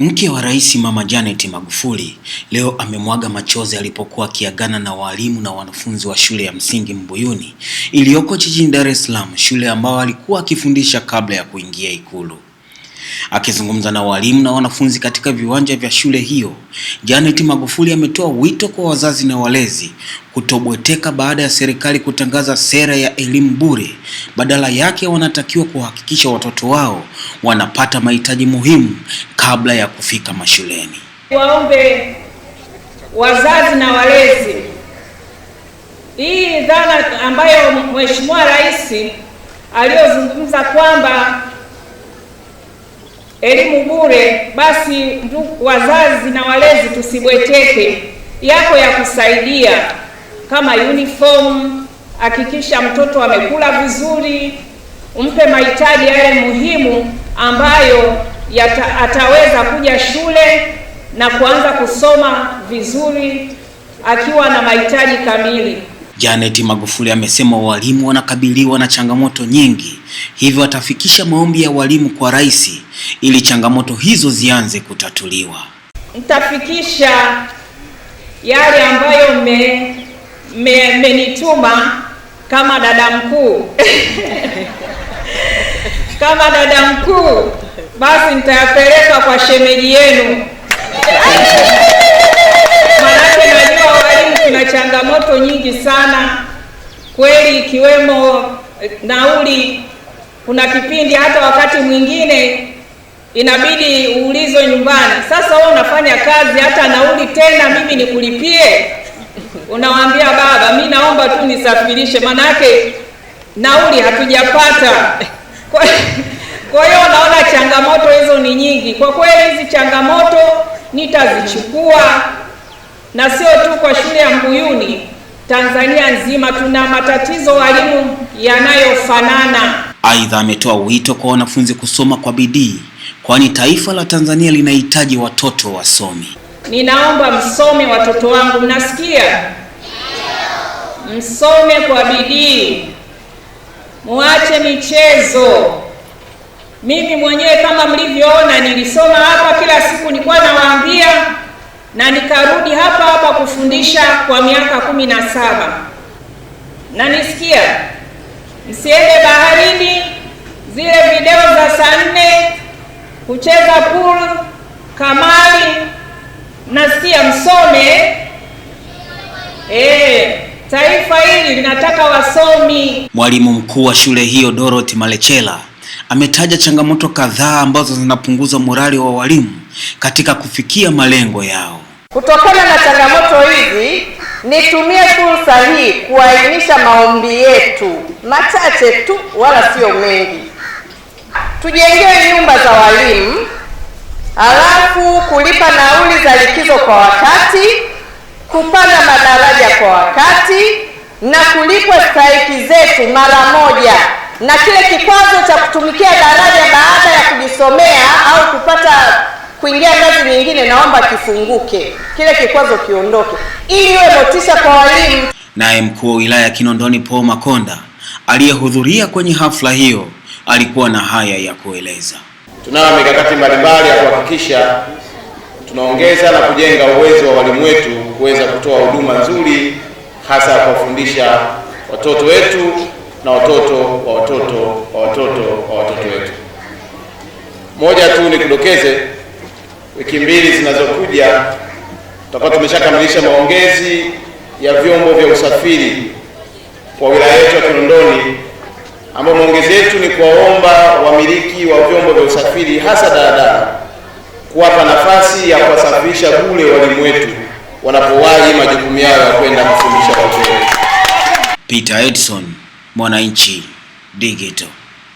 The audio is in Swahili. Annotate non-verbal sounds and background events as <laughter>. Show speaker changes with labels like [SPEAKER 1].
[SPEAKER 1] Mke wa Rais Mama Janet Magufuli leo amemwaga machozi alipokuwa akiagana na walimu na wanafunzi wa shule ya msingi Mbuyuni iliyoko jijini Dar es Salaam, shule ambayo alikuwa akifundisha kabla ya kuingia Ikulu. Akizungumza na walimu na wanafunzi katika viwanja vya shule hiyo, Janet Magufuli ametoa wito kwa wazazi na walezi kutobweteka baada ya serikali kutangaza sera ya elimu bure. Badala yake wanatakiwa kuhakikisha watoto wao wanapata mahitaji muhimu kabla ya kufika mashuleni.
[SPEAKER 2] Waombe wazazi na walezi, hii dhana ambayo Mheshimiwa Rais aliyozungumza kwamba elimu bure, basi wazazi na walezi tusibweteke, yako ya kusaidia kama uniform Hakikisha mtoto amekula vizuri, umpe mahitaji yale muhimu ambayo yata, ataweza kuja shule na kuanza kusoma vizuri akiwa na mahitaji kamili.
[SPEAKER 1] Janet Magufuli amesema walimu wanakabiliwa na changamoto nyingi, hivyo atafikisha maombi ya walimu kwa rais ili changamoto hizo zianze kutatuliwa.
[SPEAKER 2] Nitafikisha yale ambayo mmenituma me, me, kama dada mkuu <laughs> kama dada mkuu, basi nitayapeleka kwa shemeji yenu, Manake najua walimu kuna changamoto nyingi sana kweli, ikiwemo eh, nauli. Kuna kipindi hata wakati mwingine inabidi uulizwe nyumbani, sasa wewe unafanya kazi hata nauli tena mimi nikulipie? Unawambia baba, mi naomba tu nisafirishe, manake nauli hatujapata changamoto nitazichukua, na sio tu kwa shule ya Mbuyuni, Tanzania nzima tuna matatizo walimu yanayofanana.
[SPEAKER 1] Aidha, ametoa wito kwa wanafunzi kusoma kwa bidii, kwani taifa la Tanzania linahitaji watoto wasomi.
[SPEAKER 2] Ninaomba msome watoto wangu, mnasikia? Msome kwa bidii, muache michezo. Mimi mwenyewe kama mlivyoona nilisoma kila siku nilikuwa nawaambia na nikarudi hapa hapa kufundisha kwa miaka kumi na saba na nisikia, msiende baharini, zile video za saa nne, kucheza pool, kamari, nasikia msome. E, taifa hili linataka wasomi.
[SPEAKER 1] Mwalimu mkuu wa shule hiyo Dorothy Malechela ametaja changamoto kadhaa ambazo zinapunguza morali wa walimu katika kufikia malengo yao.
[SPEAKER 2] Kutokana na changamoto hizi, nitumie fursa hii kuainisha maombi yetu machache tu, wala sio mengi. tujengee nyumba za walimu, halafu kulipa nauli za likizo kwa wakati, kupanda madaraja kwa wakati na kulipwa stahiki zetu mara moja, na kile kikwazo cha kutumikia daraja baada kuingia ngazi nyingine, naomba kifunguke, kile kikwazo kiondoke, ili iwe motisha kwa walimu.
[SPEAKER 1] Naye mkuu wa wilaya ya Kinondoni Paul Makonda aliyehudhuria kwenye hafla hiyo alikuwa na haya ya kueleza.
[SPEAKER 3] Tunayo mikakati mbalimbali ya kuhakikisha tunaongeza na kujenga uwezo wa walimu wetu kuweza kutoa huduma nzuri, hasa ya kuwafundisha watoto wetu na watoto wa watoto wa watoto wa watoto wetu. Moja tu nikudokeze wiki mbili zinazokuja tutakuwa tumeshakamilisha maongezi ya vyombo vya usafiri kwa wilaya yetu ya Kinondoni, ambayo maongezi yetu ni kuwaomba wamiliki wa vyombo vya usafiri hasa daladala kuwapa nafasi ya kuwasafirisha bure walimu wetu wanapowahi majukumu yao ya kwenda kufundisha watoto. Peter Edson, Mwananchi Digital.